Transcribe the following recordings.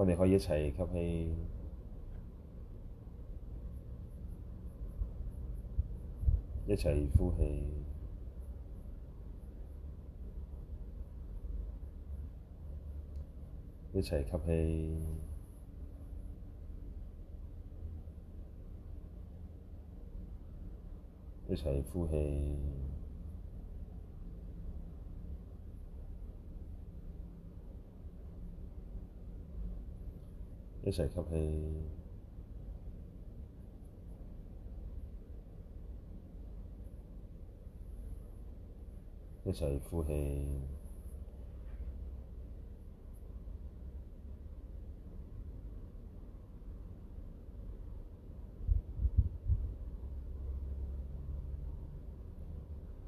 我哋可以一齊吸氣，一齊呼氣，一齊吸氣，一齊呼氣。一齊吸氣，一齊呼氣，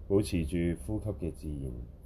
保持住呼吸嘅自然。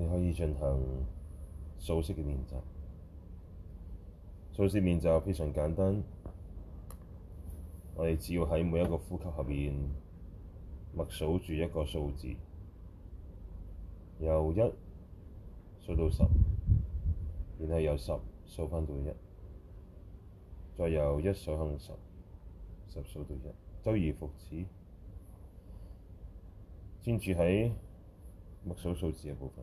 你可以進行數息嘅練習。數息練習非常簡單，我哋只要喺每一個呼吸入邊默數住一個數字，由一數到十，然後由十數翻到一，再由一數向十，十數到一，周而復始。專注喺默數數字嘅部分。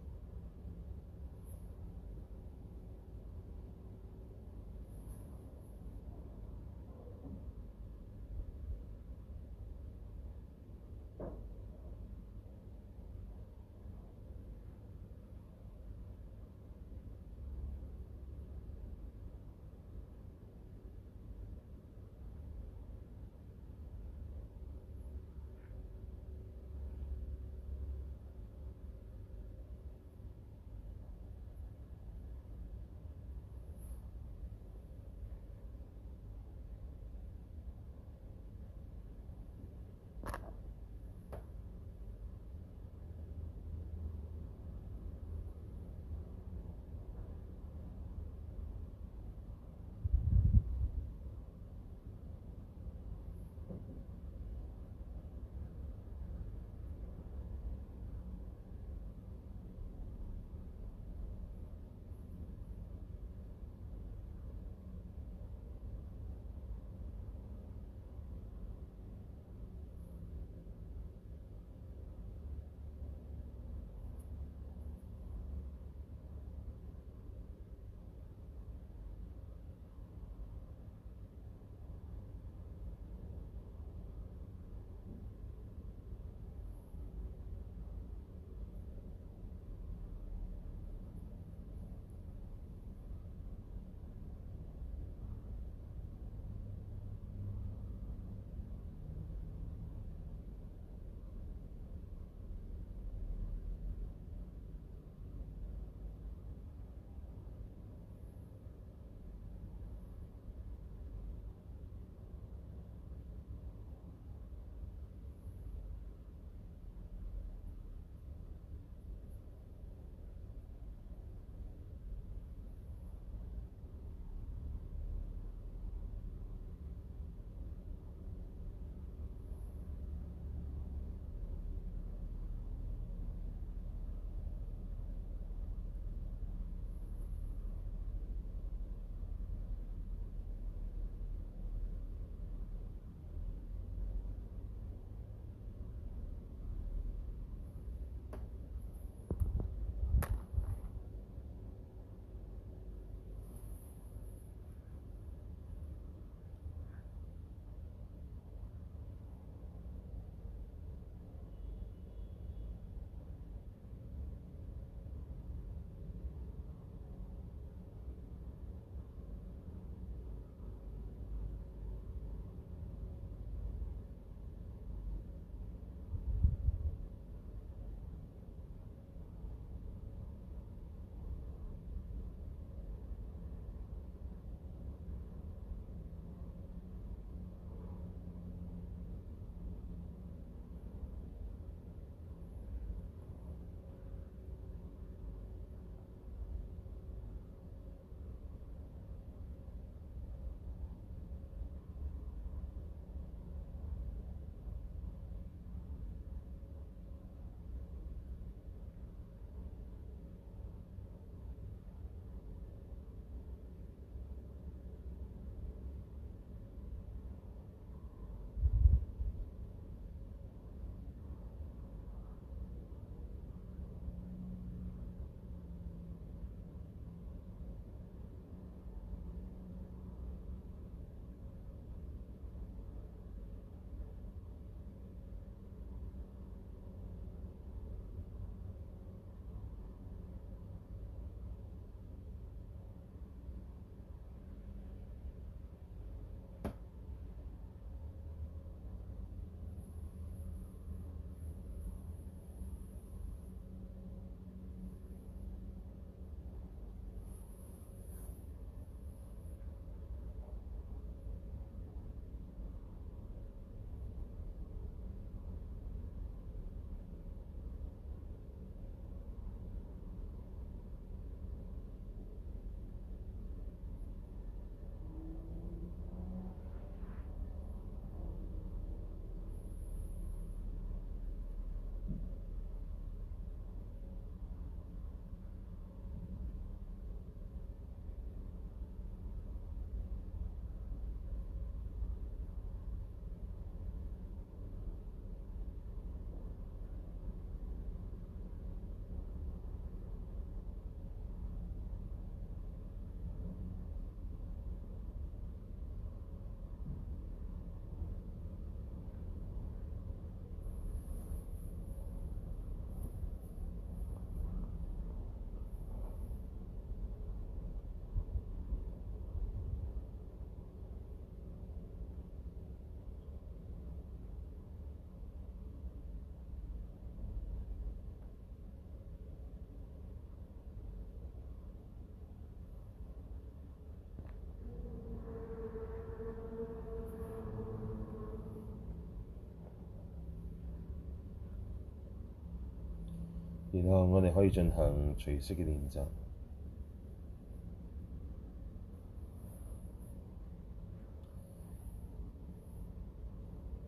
然後我哋可以進行隨息嘅練習。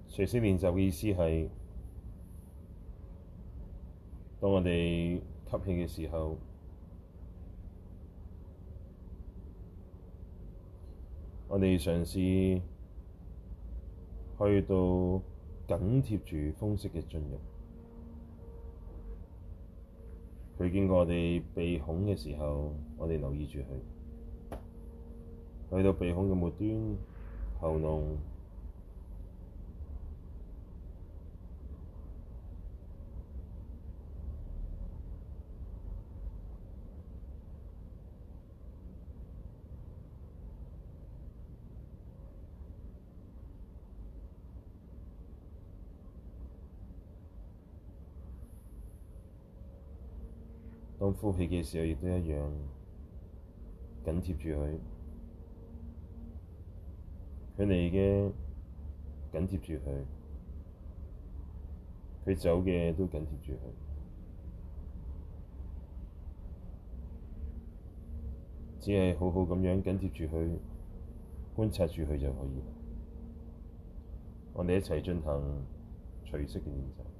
隨息練習嘅意思係，當我哋吸氣嘅時候，我哋嘗試去到緊貼住風息嘅進入。佢經過我哋鼻孔嘅時候，我哋留意住佢，去到鼻孔嘅末端、喉嚨。呼氣嘅時候亦都一樣緊貼住佢，佢嚟嘅緊貼住佢，佢走嘅都緊貼住佢，只係好好咁樣緊貼住佢，觀察住佢就可以。我哋一齊進行隨息嘅練習。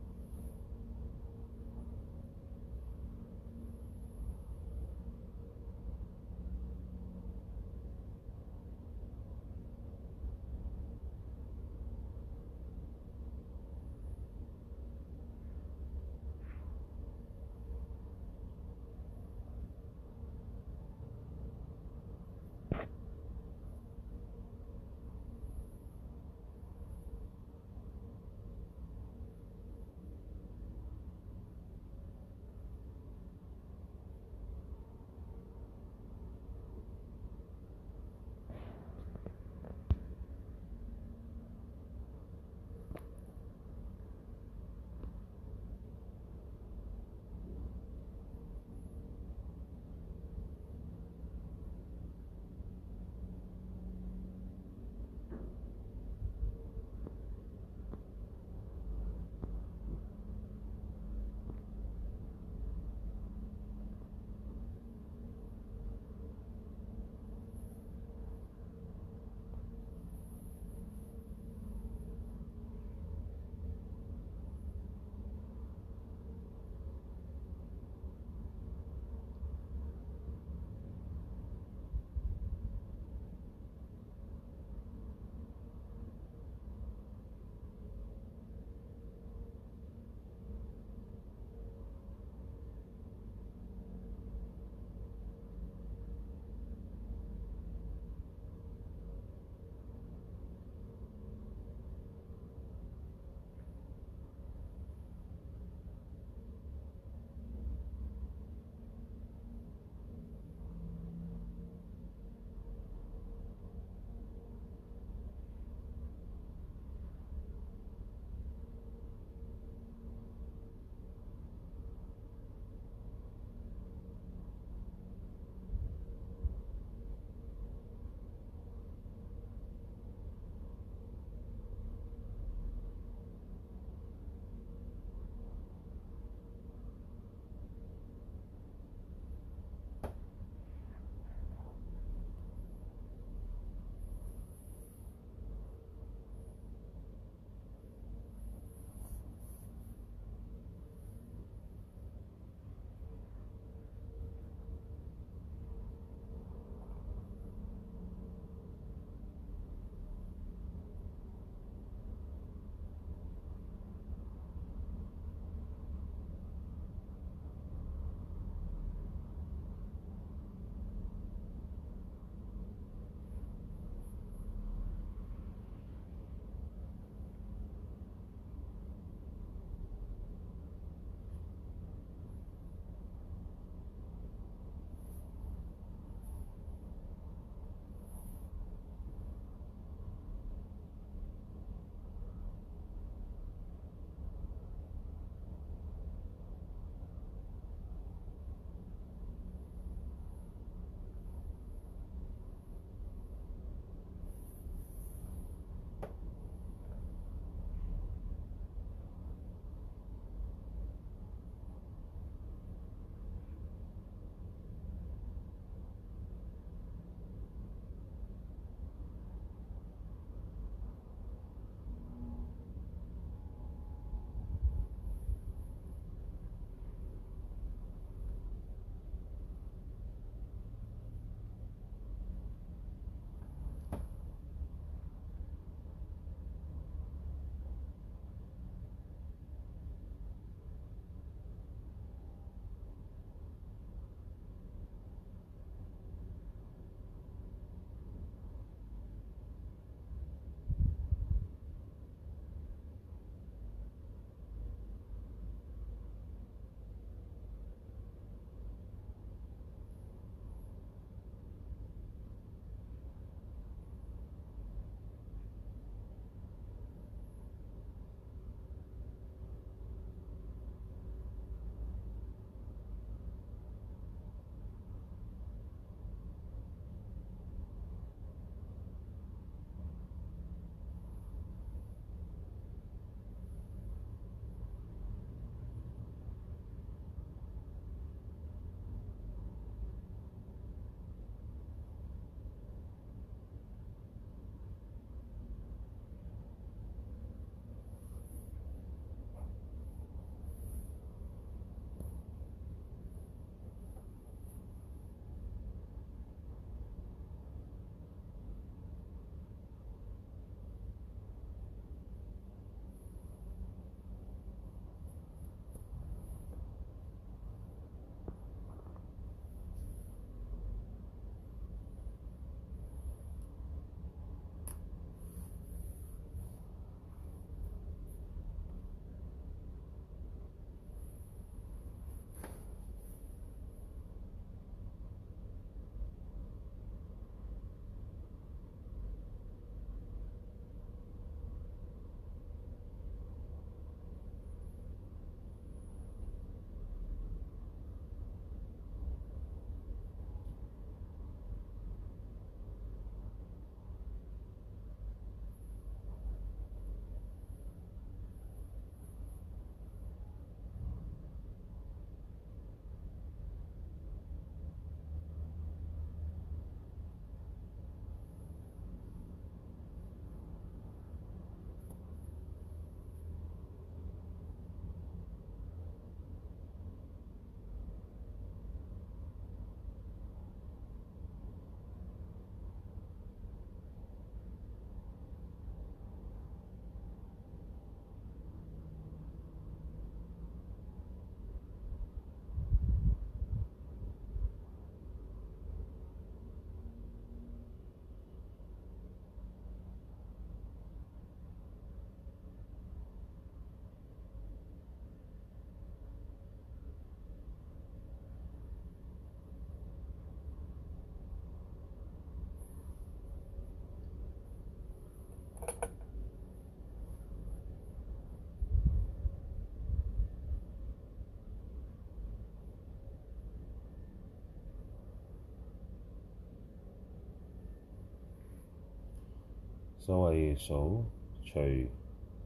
所謂數、隨、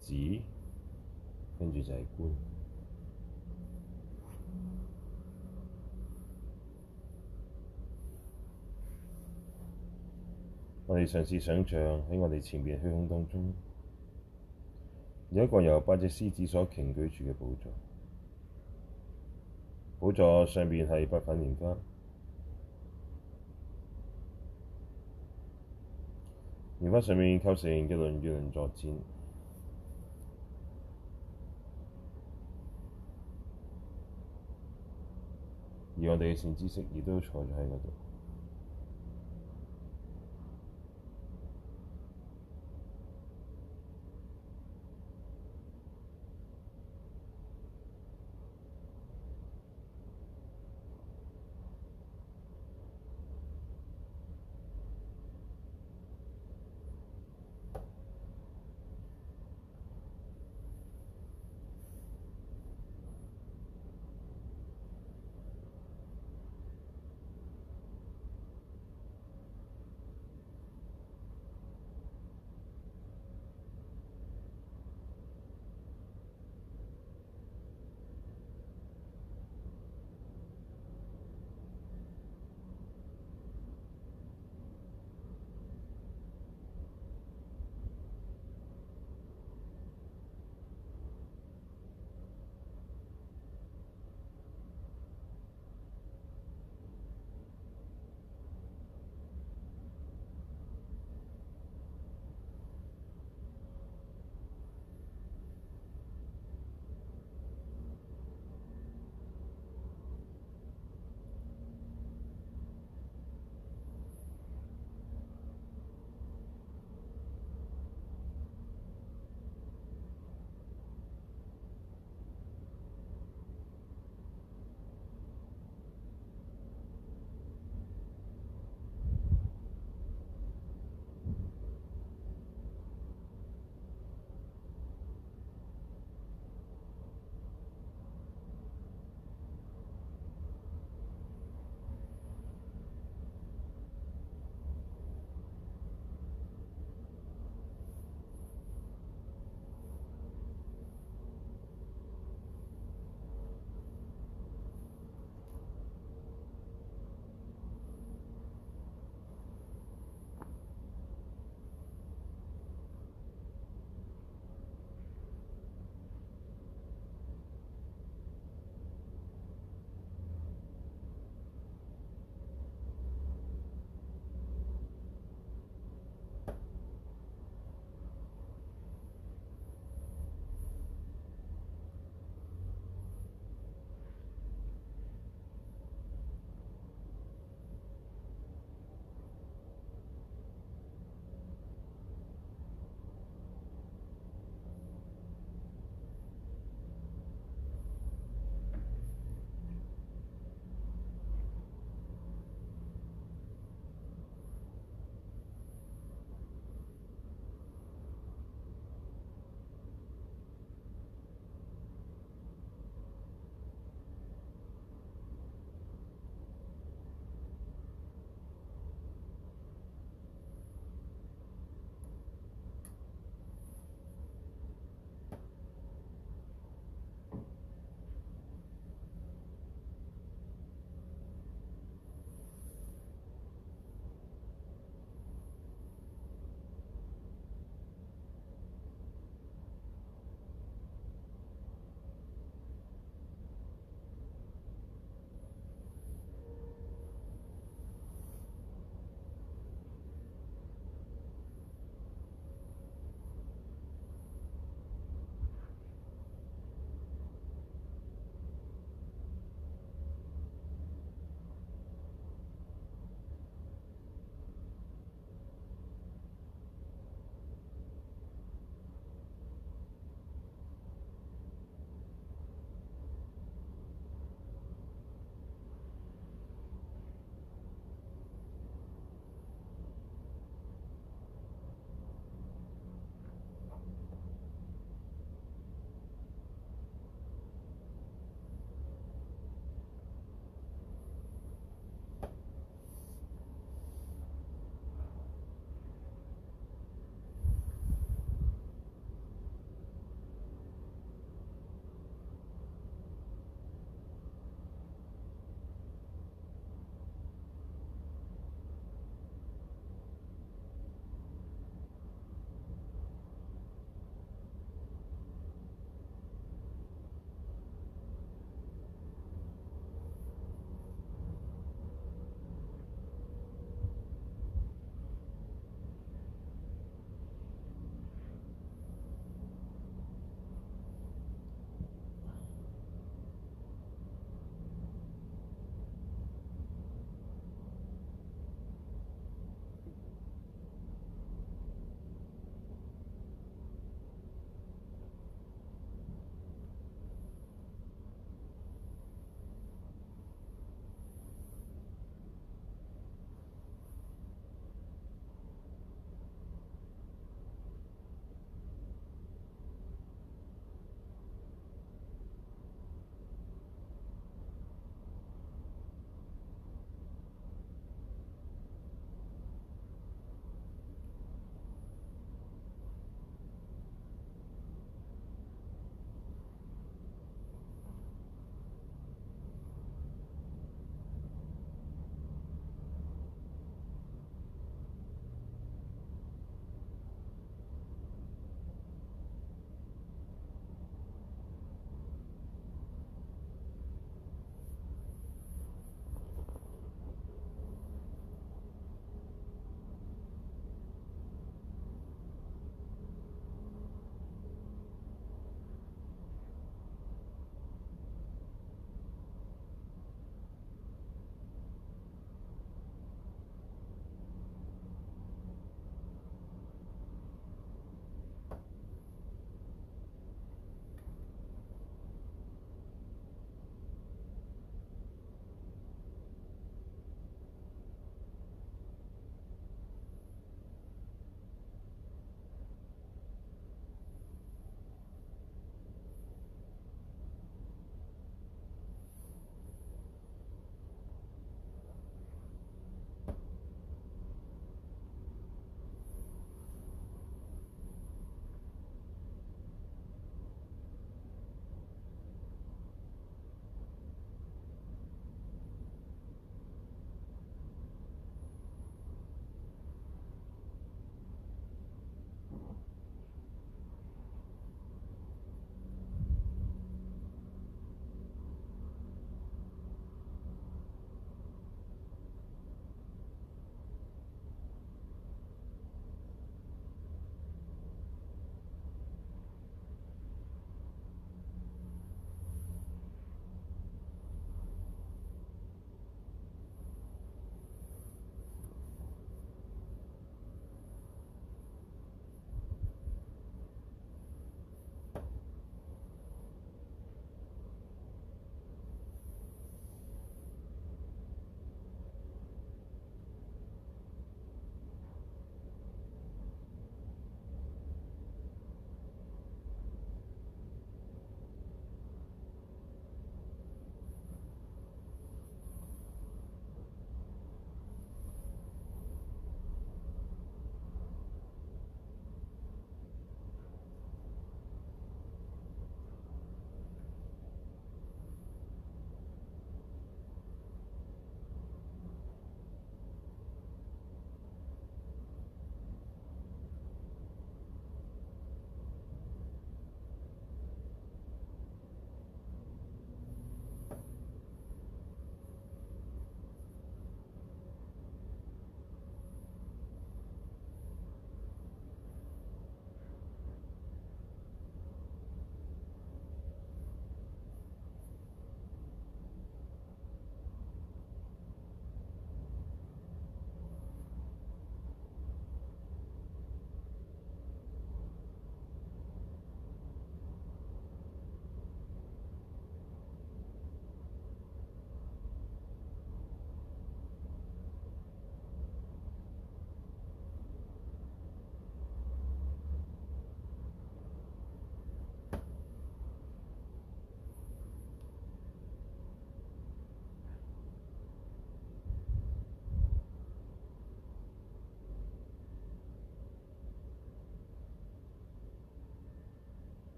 止，跟住就係觀。我哋嘗試想像喺我哋前面虛空當中，有一個由八隻獅子所擎舉住嘅寶座，寶座上面係八品蓮花。棉花上面構成嘅輪與輪作戰，而我哋嘅善知識亦都坐咗喺嗰度。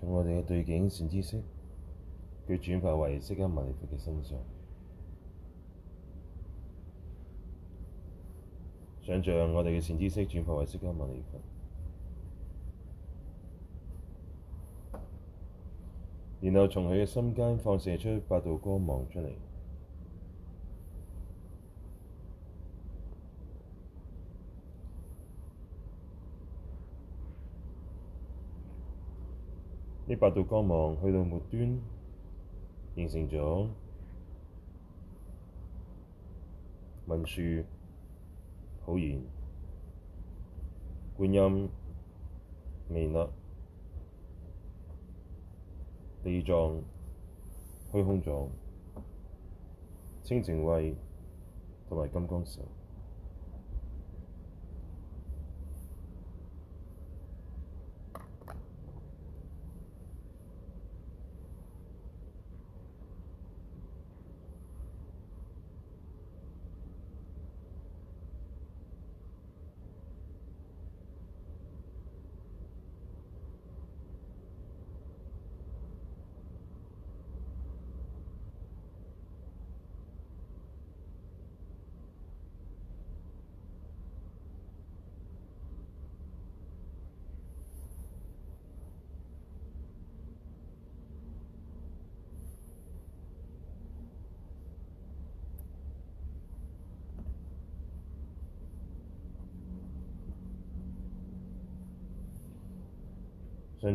從我哋嘅對境、善知識，佢轉化為釋迦牟尼佛嘅身上，想像我哋嘅善知識轉化為釋迦牟尼佛，然後從佢嘅心間放射出八道光芒出嚟。呢八道光芒去到末端，形成咗文殊、普賢、觀音、彌勒、地藏、虛空藏、清淨慧同埋金剛手。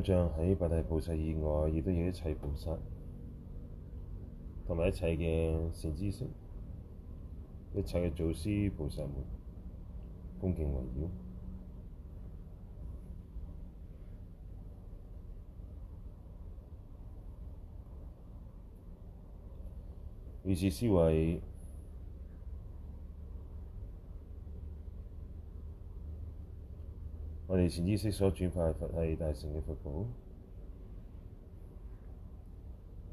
像喺八大菩薩以外，亦都要一切菩薩同埋一切嘅善知識、一切嘅祖師菩薩們恭敬圍繞，於是思維。係前知識所轉化，係大成嘅佛寶。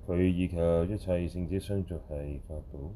佢以求一切聖者相續，係法寶。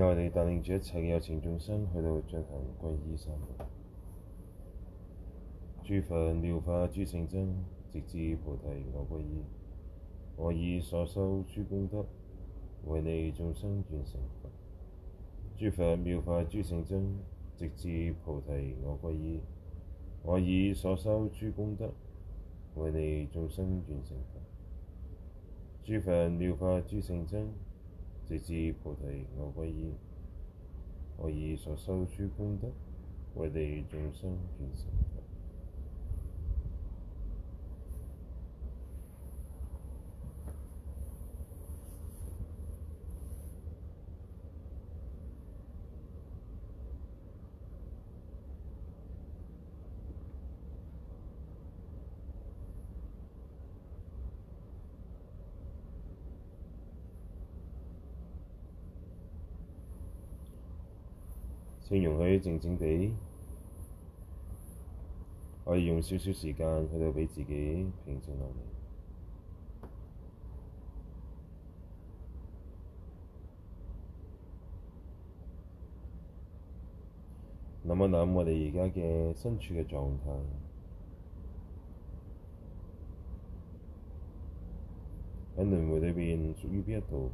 我哋帶領住一切有情眾生去到進行皈依三寶，諸佛妙法諸聖僧，直至菩提我皈依，我以所修諸功德，為你眾生轉成佛。諸佛妙法諸聖僧，直至菩提我皈依，我以所修諸功德，為你眾生轉成佛。諸佛妙法諸聖僧。直至菩提，我皈依，我以所修諸功德，為利眾生轉生。請容許靜靜地，可以用少少時間去到俾自己平靜落嚟，諗一諗我哋而家嘅身處嘅狀態，喺輪迴裏邊屬於邊一度？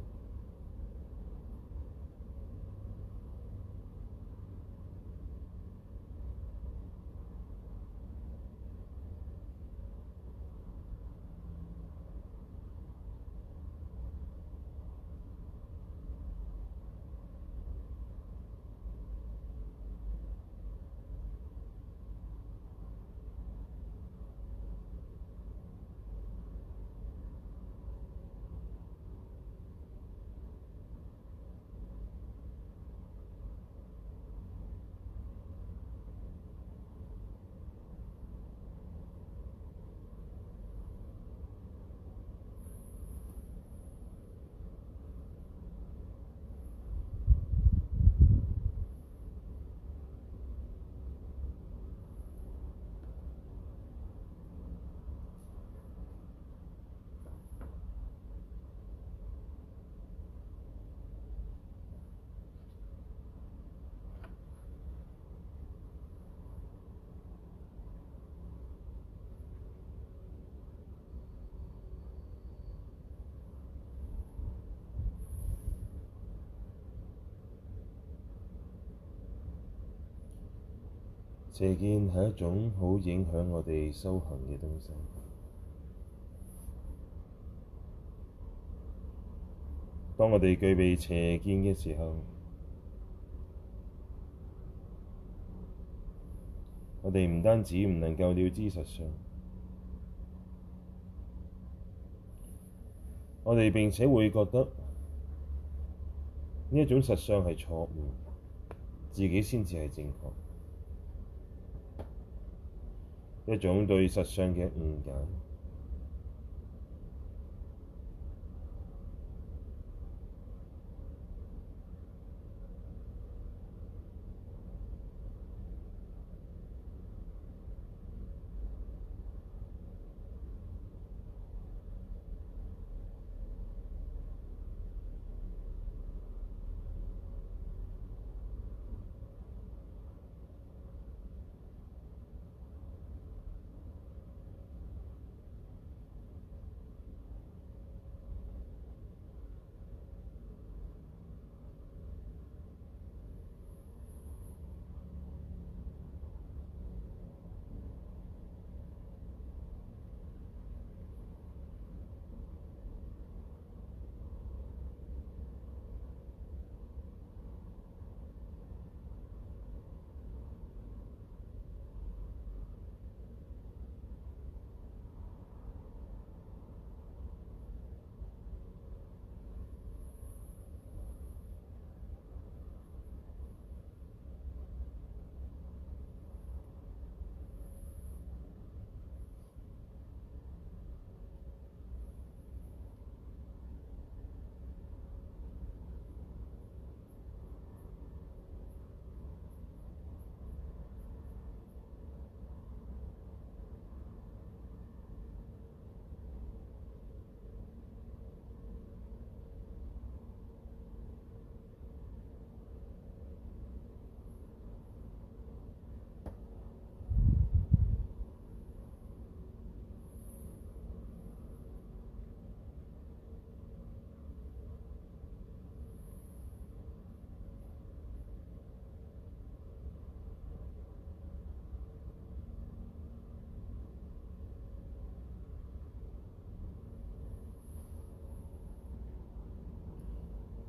邪見係一種好影響我哋修行嘅東西。當我哋具備邪見嘅時候，我哋唔單止唔能夠了知實相，我哋並且會覺得呢一種實相係錯誤，自己先至係正確。一種對實相嘅誤解。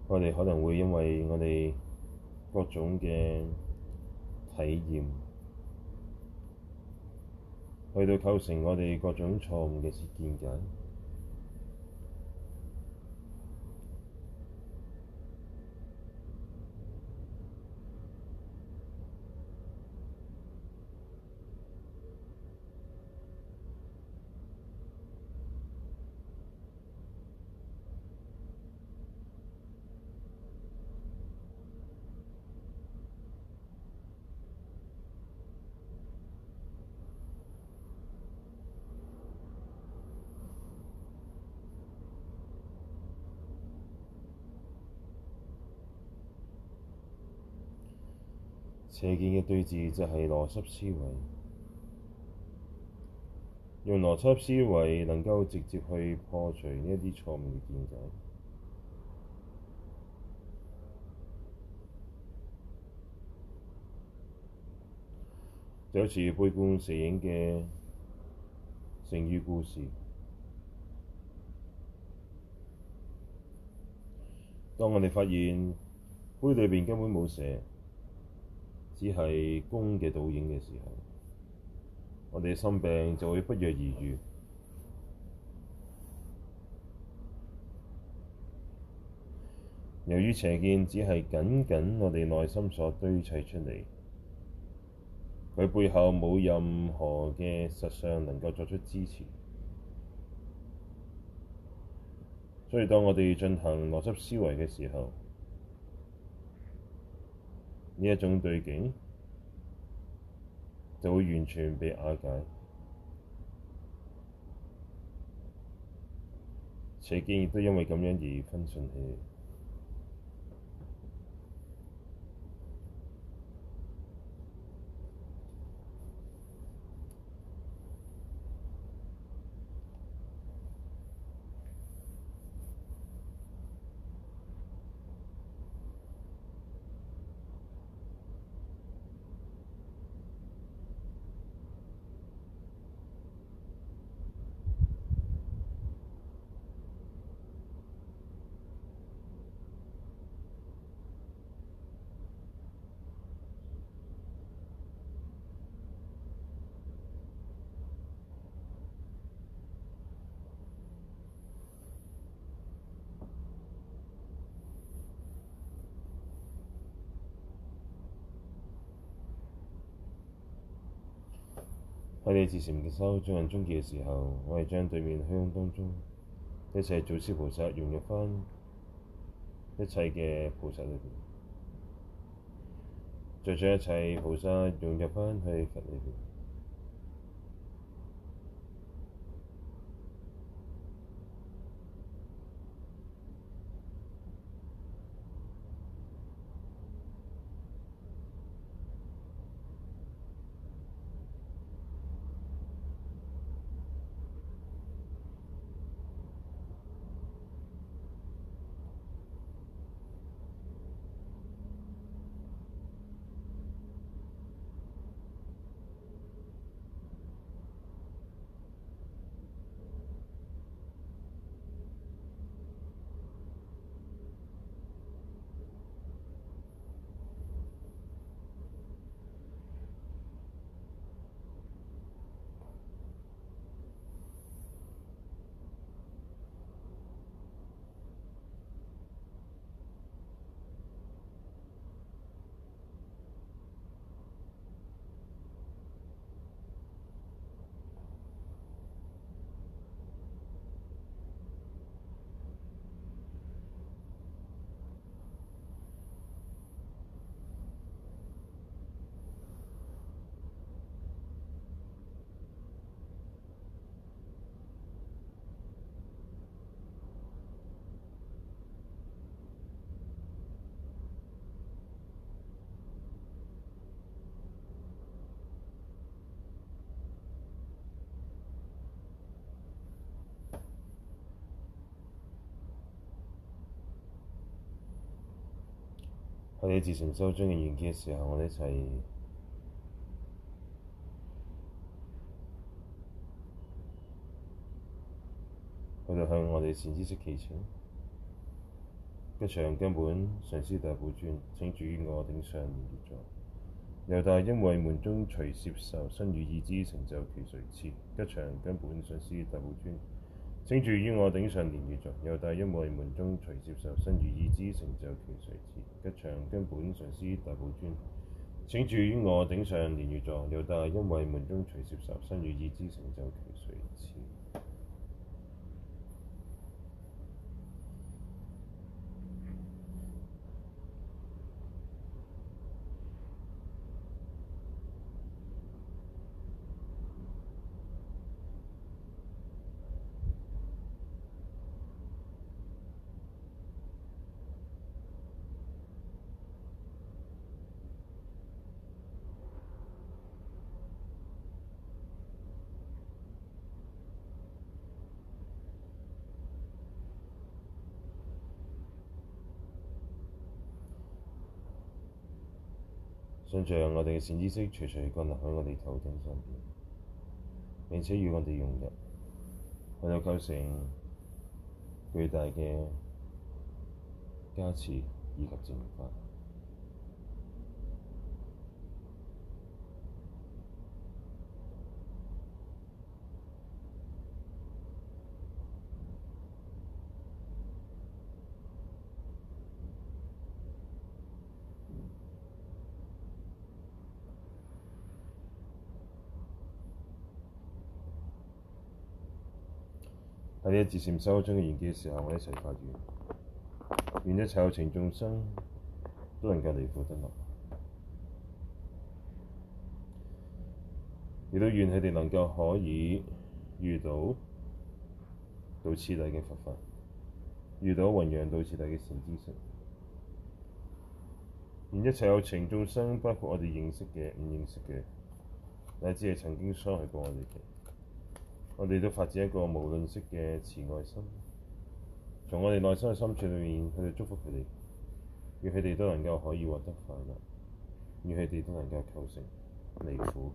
我哋可能會因為我哋各種嘅體驗，去到構成我哋各種錯誤嘅邪見嘅。邪見嘅對治就係邏輯思維，用邏輯思維能夠直接去破除呢一啲錯誤嘅見解， 就好似杯弓蛇影嘅成語故事。當我哋發現杯裏面根本冇蛇，只係公嘅導演嘅時候，我哋心病就會不約而遇。由於邪見只係僅僅我哋內心所堆砌出嚟，佢背後冇任何嘅實相能夠作出支持，所以當我哋進行邏輯思維嘅時候，呢一種對境就會完全被瓦解，邪見亦都因為咁樣而分順氣。喺你自禪嘅修，接近終極嘅時候，我係將對面虛空當中一切祖師菩薩融入翻一切嘅菩薩裏邊，再將一切菩薩融入翻去佛裏邊。我哋自成修真嘅完結嘅時候，我哋一齊去到 向我哋善知識祈請，吉祥根本上師大寶尊，請主於我頂上圓結在。又大因為門中隨攝受身與意之成就，其誰次吉祥根本上師大寶尊。請住於我頂上連座，蓮月座有大因為門中隨接受，身語意之成就其隨次吉祥根本上師大寶尊。請住於我頂上連座，蓮月座有大因為門中隨接受，身語意之成就其隨次。想像我哋嘅善知識，徐徐降落喺我哋頭頂上邊，並且與我哋融入，為我哋構成巨大嘅加持以及淨化。一自禪修中嘅完結嘅時候，我一齊發願，願一切有情眾生都能夠離苦得樂，亦都願佢哋能夠可以遇到到次第嘅佛法，遇到弘揚到次第嘅善知識。願一切有情眾生，包括我哋認識嘅、唔認識嘅，乃至係曾經傷害過我哋嘅。我哋都發自一個無論識嘅慈愛心，從我哋內心嘅深處裏面去祝福佢哋，要佢哋都能夠可以獲得快樂，要佢哋都能夠構成離苦。